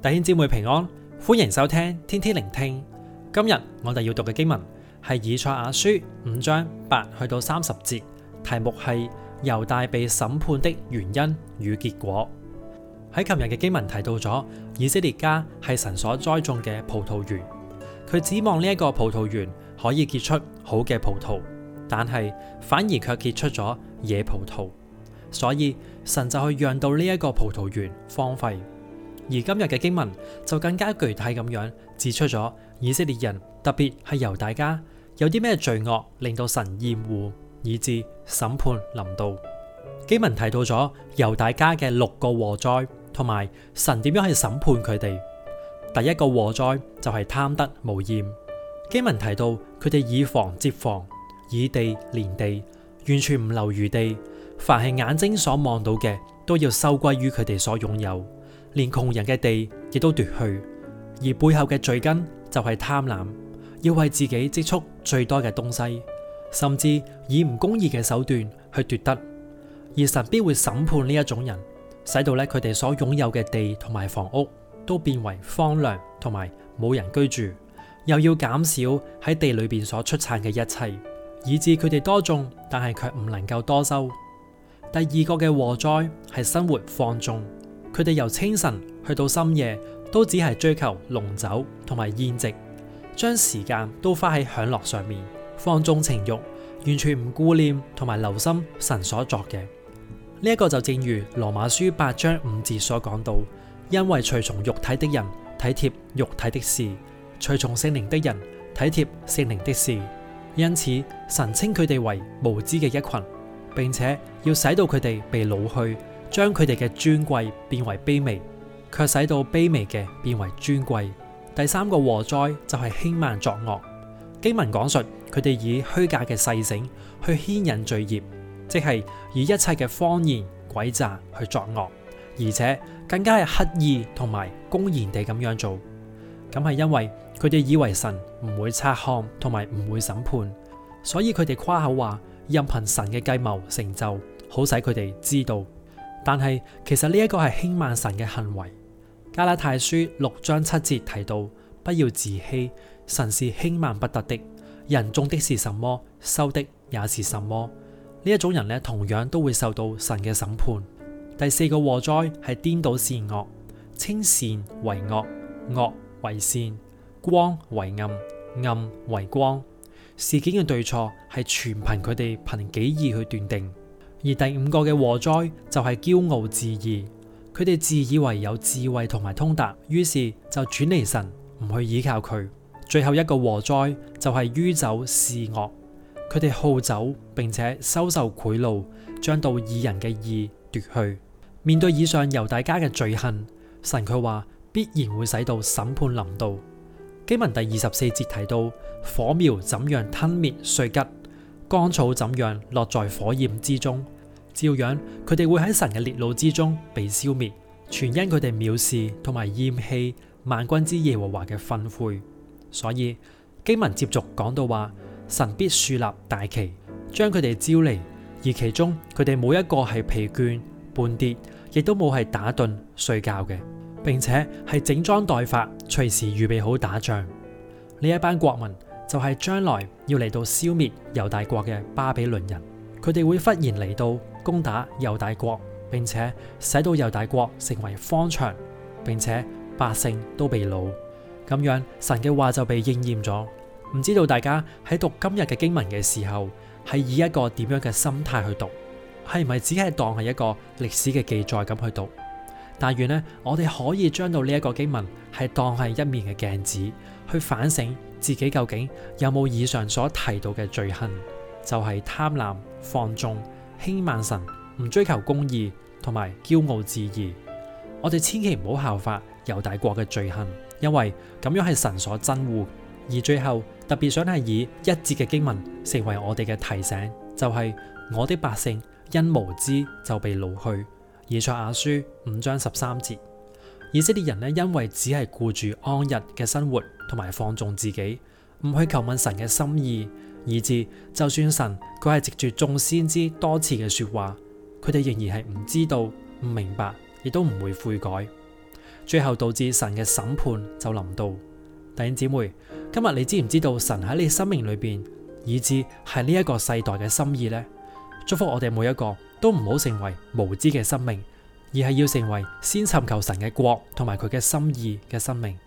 弟兄姊妹平安，歡迎收聽天天靈聽。今日我哋要讀嘅經文係以賽亞書五章八去到三十節，題目係猶大被審判的原因與結果。喺琴日嘅經文提到咗，以色列家係神所栽種嘅葡萄園，佢指望呢一個葡萄園可以結出好嘅葡萄，但係反而卻結出咗野葡萄，所以神就去讓到呢一個葡萄園荒廢。而今日嘅經文就更加具體咁樣指出咗以色列人，特別係猶大家有啲咩罪惡令到神厭惡，以致審判臨到。經文提到咗猶大家嘅六個禍哉，同埋神點樣去審判佢哋。第一個禍哉就係貪得無厭。經文提到佢哋以房接房，以地連地，完全唔留餘地，凡係眼睛所望到嘅都要收歸於佢哋所擁有。連窮人嘅地亦都奪去，而背後嘅罪根就係貪婪，要為自己積蓄最多嘅東西，甚至以唔公義嘅手段去奪得。而神必會審判呢一種人，使到咧佢哋所擁有嘅地同埋房屋都變為荒涼同埋冇人居住，又要減少喺地裏邊所出產嘅一切，以致佢哋多種但係卻唔能夠多收。第二個嘅禍哉係生活放縱。佢哋由清晨去到深夜，都只係追求龍酒同埋宴席，將時間都花喺享樂上面，放縱情欲，完全唔顧念同埋留心神所作嘅。呢、這、一個就正如羅馬書八章五節所講到：，因為隨從肉體的人體貼肉體的事，隨從聖靈的人體貼聖靈的事。因此，神稱佢哋為無知嘅一群，並且要使到佢哋被擄去。將佢哋嘅尊貴變為卑微，卻使到卑微嘅變為尊貴。第三個禍哉就係輕慢作惡。經文講述，佢哋以虛假嘅細繩去牽引罪孽，即係以一切嘅謊言詭詐去作惡，而且更加係刻意同埋公然地咁樣做。咁係因為佢哋以為神唔會察看同埋唔會審判，所以佢哋誇口話任憑神嘅計謀成就，好使佢哋知道。但係，其實呢一個係輕慢神嘅行為。加拉太書六章七節提到：「不要自欺，神是輕慢不得的。人種的是什麼，收的也是什麼。呢一種人咧，同樣都會受到神嘅審判。第四個禍哉係顛倒善惡，稱善為惡，惡為善，光為暗，暗為光。事件嘅對錯係全憑佢哋憑己意去斷定。而第五個嘅禍哉就係驕傲自義，佢哋自以為有智慧同埋通達，於是就轉離神，唔去依靠佢。最後一個禍哉就係酗酒肆惡，佢哋好酒並且收受賄賂，將到義人嘅義奪去。面對以上猶大家嘅罪行，神佢話必然會使到審判臨到。經文第二十四節提到，火苗怎樣吞滅碎稭，乾草怎樣落在火焰之中，照樣佢哋會喺神嘅烈怒之中被消滅，全因佢哋藐視同埋厭棄萬軍之耶和華嘅訓誨。所以經文接續講到話，神必豎立大旗，將佢哋招嚟，而其中佢哋冇一個係疲倦、絆跌，亦都冇係打盹睡覺嘅，並且係整裝待發，隨時預備好打仗呢一班國民。就係將來要嚟到消滅猶大國嘅巴比倫人，佢哋會忽然嚟到攻打猶大國，並且使到猶大國成為荒場，並且百姓都被擄。咁樣神嘅話就被應驗咗。唔知道大家喺讀今日嘅經文嘅時候，係以一個點樣嘅心態去讀？係咪只係當係一個歷史嘅記載咁去讀？但願呢，我哋可以將到呢一個經文係當係一面嘅鏡子，去反省。自己究竟有冇以上所提到嘅罪行？就係、是、貪婪、放縱、輕慢神、唔追求公義同埋驕傲自義。我哋千祈唔好效法猶大國嘅罪行，因為咁樣係神所憎惡。而最後特別想係以一節嘅經文成為我哋嘅提醒，就係、是、我的百姓因無知就被擄去，以賽亞書五章十三節。以色列人呢，因為只係顧住安逸嘅生活，同埋放縱自己，唔去求問神嘅心意，以致就算神佢係藉住眾先知多次嘅說話，佢哋仍然係唔知道、唔明白，亦都唔會悔改，最後導致神嘅審判就臨到。弟兄姊妹，今日你知唔知道神喺你生命裏邊，以致係呢一個世代嘅心意呢？祝福我哋每一個都唔好成為無知嘅生命。而係要成為先尋求神嘅國同埋佢嘅心意嘅生命。